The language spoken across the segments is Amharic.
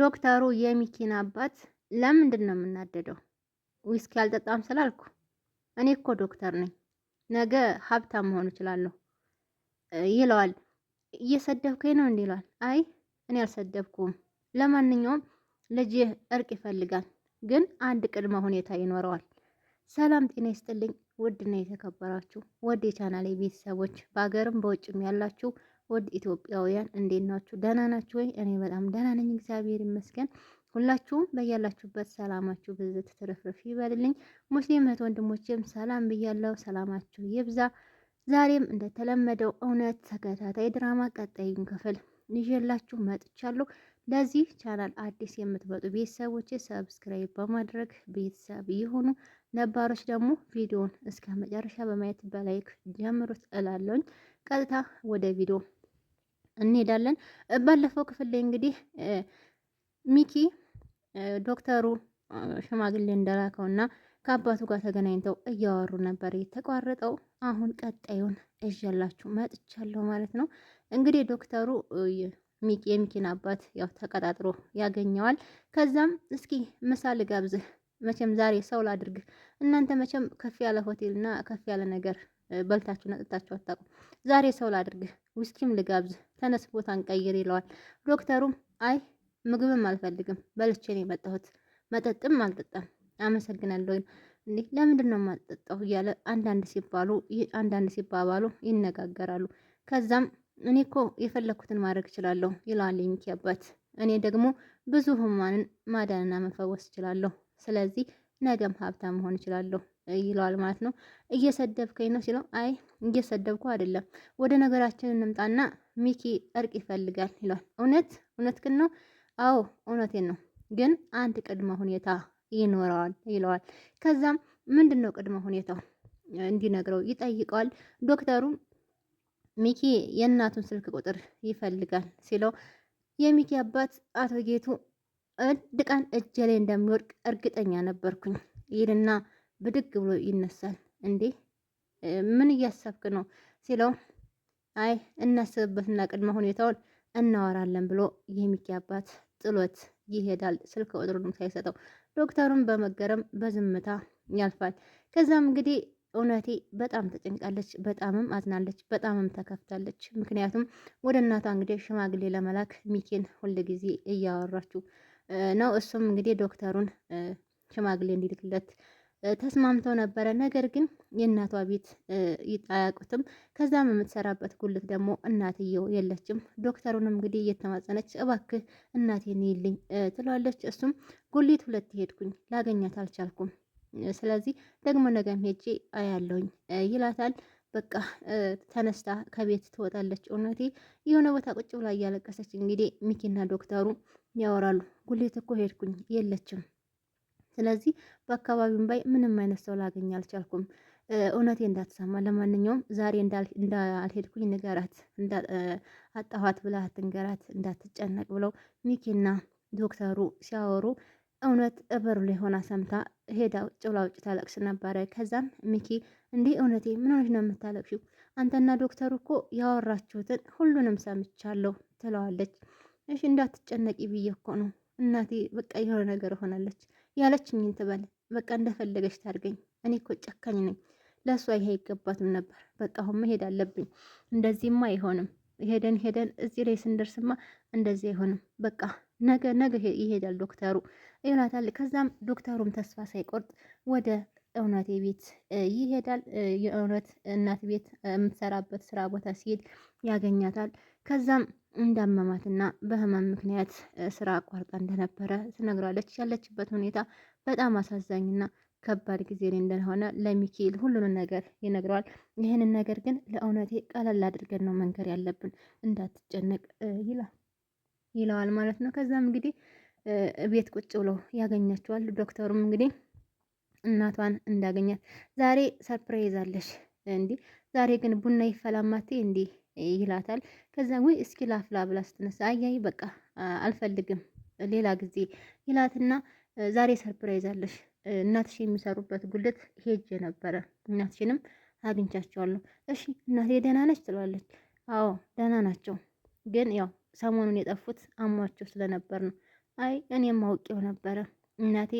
ዶክተሩ የሚኪን አባት ለምንድን ነው የምናደደው? ዊስኪ አልጠጣም ስላልኩ እኔ እኮ ዶክተር ነኝ፣ ነገ ሀብታም መሆን እችላለሁ ይለዋል። እየሰደብከኝ ነው እንዲ ይለዋል። አይ እኔ አልሰደብኩም። ለማንኛውም ልጅ እርቅ ይፈልጋል፣ ግን አንድ ቅድመ ሁኔታ ይኖረዋል። ሰላም ጤና ይስጥልኝ። ውድና የተከበራችሁ ወደ ቻናሌ ቤተሰቦች በሀገርም በውጭም ያላችሁ ወድ ኢትዮጵያውያን እንዴት ናችሁ? ደህና ናችሁ ወይ? እኔ በጣም ደህና ነኝ፣ እግዚአብሔር ይመስገን። ሁላችሁም በያላችሁበት ሰላማችሁ ብዝት ትርፍርፍ ይበልልኝ። ሙስሊም እህት ወንድሞቼም ሰላም ብያለው ሰላማችሁ ይብዛ። ዛሬም እንደተለመደው እውነት ተከታታይ ድራማ ቀጣዩን ክፍል ይዤላችሁ መጥቻለሁ። ለዚህ ቻናል አዲስ የምትመጡ ቤተሰቦች ሰብስክራይብ በማድረግ ቤተሰብ የሆኑ ነባሮች ደግሞ ቪዲዮን እስከ መጨረሻ በማየት በላይክ ጀምሩት እላለሁኝ። ቀጥታ ወደ ቪዲዮ እንሄዳለን። ባለፈው ክፍል ላይ እንግዲህ ሚኪ ዶክተሩ ሽማግሌ እንደላከው እና ከአባቱ ጋር ተገናኝተው እያወሩ ነበር የተቋረጠው። አሁን ቀጣዩን እዣላችሁ መጥቻለሁ ማለት ነው። እንግዲህ ዶክተሩ የሚኪን አባት ያው ተቀጣጥሮ ያገኘዋል። ከዛም እስኪ ምሳ ልጋብዝህ፣ መቼም ዛሬ ሰው ላድርግህ እናንተ መቼም ከፍ ያለ ሆቴል እና ከፍ ያለ ነገር በልታችሁ ነጥታችሁ አታውቁም። ዛሬ ሰው ላድርግህ፣ ውስኪም ልጋብዝ፣ ተነስ ቦታን ቀይር ይለዋል። ዶክተሩም አይ ምግብም አልፈልግም በልቼ ነው የመጣሁት፣ መጠጥም አልጠጣም አመሰግናለሁ። እንዴ ለምንድን ነው የማልጠጣው እያለ አንዳንድ ሲባሉ አንዳንድ ሲባባሉ ይነጋገራሉ። ከዛም እኔ እኮ የፈለግኩትን ማድረግ እችላለሁ ይለዋል የሚኪ አባት። እኔ ደግሞ ብዙ ህሙማንን ማዳንና መፈወስ እችላለሁ። ስለዚህ ነገም ሀብታም መሆን እችላለሁ ይለዋል ማለት ነው። እየሰደብከኝ ነው ሲለው አይ እየሰደብኩ አይደለም፣ ወደ ነገራችን እንምጣና ሚኪ እርቅ ይፈልጋል ይለዋል። እውነት እውነት ግን ነው? አዎ እውነቴን ነው፣ ግን አንድ ቅድመ ሁኔታ ይኖረዋል ይለዋል። ከዛም ምንድን ነው ቅድመ ሁኔታው እንዲነግረው ይጠይቀዋል። ዶክተሩ ሚኪ የእናቱን ስልክ ቁጥር ይፈልጋል ሲለው የሚኪ አባት አቶ ጌቱ አንድ ቀን እጄ ላይ እንደሚወድቅ እርግጠኛ ነበርኩኝ ይልና ብድግ ብሎ ይነሳል። እንዴ ምን እያሰብክ ነው ሲለው፣ አይ እናስብበትና ቅድመ ሁኔታውን እናወራለን ብሎ የሚኪ አባት ጥሎት ይሄዳል። ስልክ ቁጥሩንም ሳይሰጠው ዶክተሩም በመገረም በዝምታ ያልፋል። ከዛም እንግዲህ እውነቴ በጣም ተጨንቃለች፣ በጣምም አዝናለች፣ በጣምም ተከፍታለች። ምክንያቱም ወደ እናቷ እንግዲህ ሽማግሌ ለመላክ ሚኪን ጊዜ እያወራችው ነው። እሱም እንግዲህ ዶክተሩን ሽማግሌ እንዲልክለት ተስማምተው ነበረ። ነገር ግን የእናቷ ቤት አያውቁትም። ከዛም የምትሰራበት ጉልት ደግሞ እናትየው የለችም። ዶክተሩንም እንግዲህ እየተማጸነች እባክህ እናቴን ይልኝ ትለዋለች። እሱም ጉሊት ሁለት ሄድኩኝ ላገኛት አልቻልኩም ስለዚህ ደግሞ ነገም ሄጄ አያለውኝ ይላታል። በቃ ተነስታ ከቤት ትወጣለች። እውነቴ የሆነ ቦታ ቁጭ ብላ እያለቀሰች እንግዲህ ሚኪና ዶክተሩ ያወራሉ። ጉሌት እኮ ሄድኩኝ የለችም። ስለዚህ በአካባቢውም ባይ ምንም አይነት ሰው ላገኝ አልቻልኩም። እውነቴ እንዳትሰማ፣ ለማንኛውም ዛሬ እንዳልሄድኩኝ ንገራት፣ አጣኋት ብላ ትንገራት፣ እንዳትጨነቅ ብለው ሚኪና ዶክተሩ ሲያወሩ እውነት እበሩ ላይ ሆና ሰምታ ሄዳ ጭውላውጭ ታለቅስ ነበረ። ከዛም ሚኪ እንዲህ እውነቴ ምን ሆነሽ ነው የምታለቅሽው? አንተና ዶክተሩ እኮ ያወራችሁትን ሁሉንም ሰምቻለሁ ትለዋለች። እሺ እንዳትጨነቂ ብዬ እኮ ነው እናቴ በቃ የሆነ ነገር ሆናለች ያለችኝን ትበል፣ በቃ እንደፈለገች ታድርገኝ። እኔ እኮ ጨካኝ ነኝ፣ ለእሷ ይሄ አይገባትም ነበር። በቃ አሁን መሄድ አለብኝ። እንደዚህማ አይሆንም። ሄደን ሄደን እዚህ ላይ ስንደርስማ እንደዚህ አይሆንም። በቃ ነገ ነገ ይሄዳል ዶክተሩ ይላታል። ከዛም ዶክተሩም ተስፋ ሳይቆርጥ ወደ እውነቴ ቤት ይሄዳል። የእውነት እናት ቤት የምትሰራበት ስራ ቦታ ሲሄድ ያገኛታል። ከዛም እንዳመማትና በህመም ምክንያት ስራ አቋርጣ እንደነበረ ትነግራለች። ያለችበት ሁኔታ በጣም አሳዛኝና ከባድ ጊዜ ላይ እንደሆነ ለሚካኤል ሁሉንም ነገር ይነግረዋል። ይህንን ነገር ግን ለእውነቴ ቀለል አድርገን ነው መንገር ያለብን እንዳትጨነቅ ይላል። ይለዋል ማለት ነው። ከዛም እንግዲህ ቤት ቁጭ ብሎ ያገኛቸዋል። ዶክተሩም እንግዲህ እናቷን እንዳገኛት ዛሬ ሰርፕራይዝ አለሽ እንዲ ዛሬ ግን ቡና ይፈላማቴ እንዲህ ይላታል። ከዛ ወይ እስኪ ላፍላ ብላ ስትነሳ አያይ በቃ አልፈልግም ሌላ ጊዜ ይላትና ዛሬ ሰርፕራይዝ አለሽ እናትሽ የሚሰሩበት ጉልት ሄጅ ነበረ እናትሽንም አግኝቻቸዋለሁ። እሺ እናቴ ደህና ነች ትለዋለች። አዎ ደህና ናቸው ግን ያው ሰሞኑን የጠፉት አሟቸው ስለነበር ነው። አይ እኔም አውቄው ነበረ እናቴ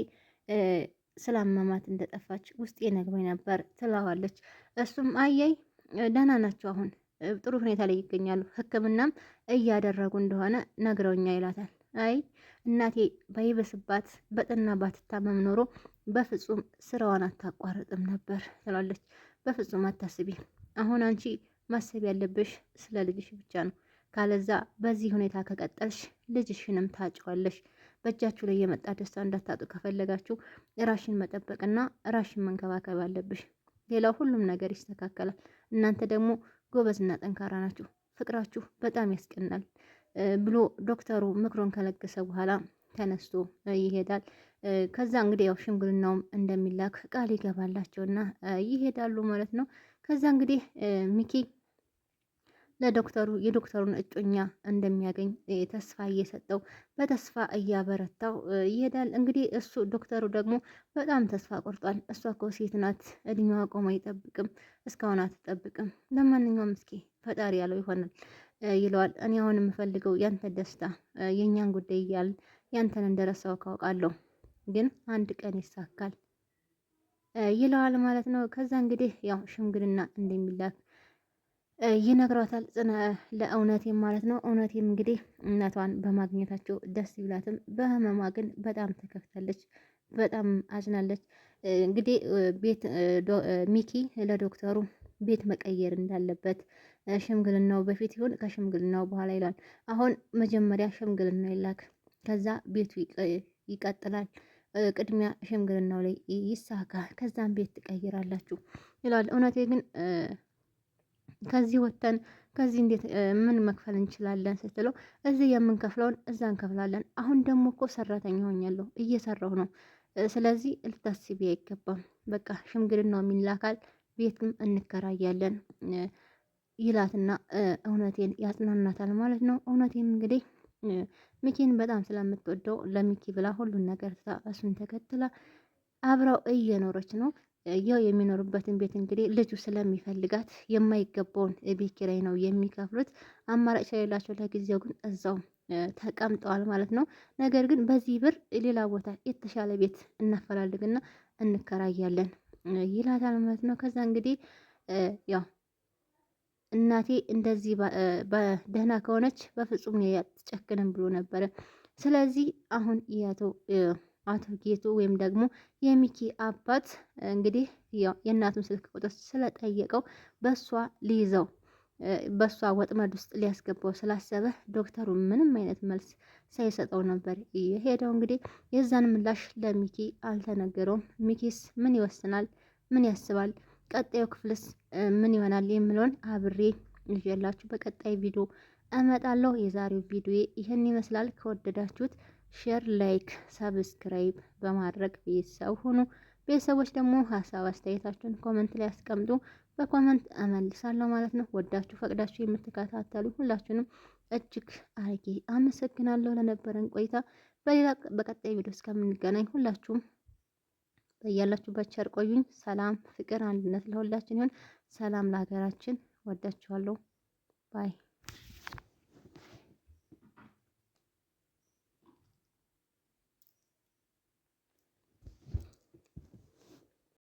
ስላመማት እንደጠፋች ውስጤ ነግበኝ ነበር ትለዋለች። እሱም አያይ ደህና ናቸው፣ አሁን ጥሩ ሁኔታ ላይ ይገኛሉ፣ ሕክምናም እያደረጉ እንደሆነ ነግረውኛ ይላታል። አይ እናቴ ባይበስባት በጥና ባትታመም ኖሮ በፍጹም ስራዋን አታቋርጥም ነበር ትላለች። በፍጹም አታስቢ፣ አሁን አንቺ ማሰብ ያለብሽ ስለ ልጅሽ ብቻ ነው። ካለዛ በዚህ ሁኔታ ከቀጠልሽ ልጅሽንም ታጭዋለሽ። በእጃችሁ ላይ የመጣ ደስታ እንዳታጡ ከፈለጋችሁ ራሽን መጠበቅና ራሽን መንከባከብ አለብሽ። ሌላው ሁሉም ነገር ይስተካከላል። እናንተ ደግሞ ጎበዝና ጠንካራ ናችሁ። ፍቅራችሁ በጣም ያስቀናል ብሎ ዶክተሩ ምክሮን ከለገሰ በኋላ ተነስቶ ይሄዳል። ከዛ እንግዲህ ያው ሽምግልናውም እንደሚላክ ቃል ይገባላቸውና ይሄዳሉ ማለት ነው። ከዛ እንግዲህ ሚኪ ለዶክተሩ የዶክተሩን እጮኛ እንደሚያገኝ ተስፋ እየሰጠው በተስፋ እያበረታው ይሄዳል። እንግዲህ እሱ ዶክተሩ ደግሞ በጣም ተስፋ ቆርጧል። እሷ እኮ ሴት ናት፣ እድሜዋ ቆሞ አይጠብቅም፣ እስካሁን አትጠብቅም። ለማንኛውም እስኪ ፈጣሪ ያለው ይሆናል ይለዋል። እኔ አሁን የምፈልገው ያንተ ደስታ፣ የእኛን ጉዳይ እያል ያንተን እንደረሳው ካውቃለሁ፣ ግን አንድ ቀን ይሳካል ይለዋል ማለት ነው። ከዛ እንግዲህ ያው ሽምግልና እንደሚላክ ይነግሯታል። ጽነ ለእውነቴም ማለት ነው። እውነቴም እንግዲህ እናቷን በማግኘታቸው ደስ ይላትም፣ በህመሟ ግን በጣም ተከፍታለች፣ በጣም አዝናለች። እንግዲህ ቤት ሚኪ ለዶክተሩ ቤት መቀየር እንዳለበት ሽምግልናው በፊት ይሁን ከሽምግልናው በኋላ ይላል። አሁን መጀመሪያ ሽምግልና ይላክ፣ ከዛ ቤቱ ይቀጥላል። ቅድሚያ ሽምግልናው ላይ ይሳካ፣ ከዛም ቤት ትቀይራላችሁ ይላል። እውነቴ ግን ከዚህ ወጥተን ከዚህ እንዴት ምን መክፈል እንችላለን ስትለው እዚህ የምንከፍለውን እዛ እንከፍላለን። አሁን ደግሞ እኮ ሰራተኛ ሆኛለሁ እየሰራሁ ነው። ስለዚህ ልታስቢ አይገባም። በቃ ሽምግልናው የሚላካል ቤትም እንከራያለን ይላትና እውነቴን ያጽናናታል ማለት ነው። እውነቴም እንግዲህ ሚኪን በጣም ስለምትወደው ለሚኪ ብላ ሁሉን ነገር እሱን ተከትላ አብረው እየኖረች ነው። ያው የሚኖርበትን ቤት እንግዲህ ልጁ ስለሚፈልጋት የማይገባውን ቤት ኪራይ ነው የሚከፍሉት። አማራጭ ስለሌላቸው ለጊዜው ግን እዛው ተቀምጠዋል ማለት ነው። ነገር ግን በዚህ ብር ሌላ ቦታ የተሻለ ቤት እናፈላልግና እንከራያለን ይላታል ማለት ነው። ከዛ እንግዲህ ያው እናቴ እንደዚህ በደህና ከሆነች በፍጹም ያትጨክንም ብሎ ነበረ። ስለዚህ አሁን ያተው አቶ ጌቱ ወይም ደግሞ የሚኪ አባት እንግዲህ ያው የእናቱን ስልክ ቁጥር ስለጠየቀው በሷ ሊይዘው በሷ ወጥመድ ውስጥ ሊያስገባው ስላሰበ ዶክተሩ ምንም አይነት መልስ ሳይሰጠው ነበር የሄደው። እንግዲህ የዛን ምላሽ ለሚኪ አልተነገረውም። ሚኪስ ምን ይወስናል? ምን ያስባል? ቀጣዩ ክፍልስ ምን ይሆናል? የሚለውን አብሬ ይዤላችሁ በቀጣይ ቪዲዮ እመጣለሁ። የዛሬው ቪዲዮ ይህን ይመስላል። ከወደዳችሁት ሼር፣ ላይክ፣ ሰብስክራይብ በማድረግ ቤተሰብ ሁኑ። ቤተሰቦች ደግሞ ሀሳብ አስተያየታችሁን ኮመንት ላይ አስቀምጡ። በኮመንት እመልሳለሁ ማለት ነው። ወዳችሁ ፈቅዳችሁ የምትከታተሉ ሁላችሁንም እጅግ አርጌ አመሰግናለሁ ለነበረን ቆይታ። በሌላ በቀጣይ ቪዲዮ እስከምንገናኝ ሁላችሁም በያላችሁበት ቸር ቆዩኝ። ሰላም፣ ፍቅር፣ አንድነት ለሁላችን ይሁን። ሰላም ለሀገራችን። ወዳችኋለሁ ባይ